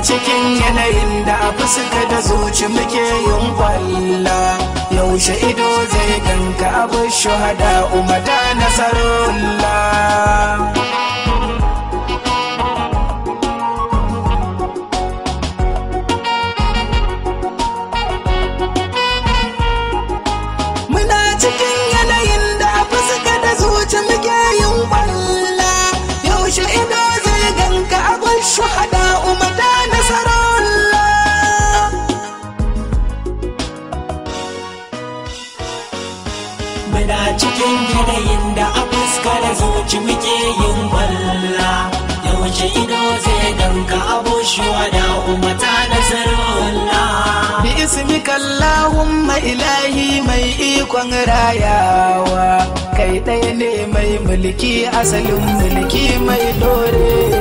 a cikin yanayin da abu suka da zuci muke yin kwalla yaushe ido zai ganka abu shuhada umata nasarullah muna cikin yanayin da a fuska da zuci muke yin kwalla yaushe ido zai danka shuwa da umata da sarola bi ismi allahumma ilahi mai ikon rayawa kai ɗaya ne mai mulki asalin mulki mai dorewa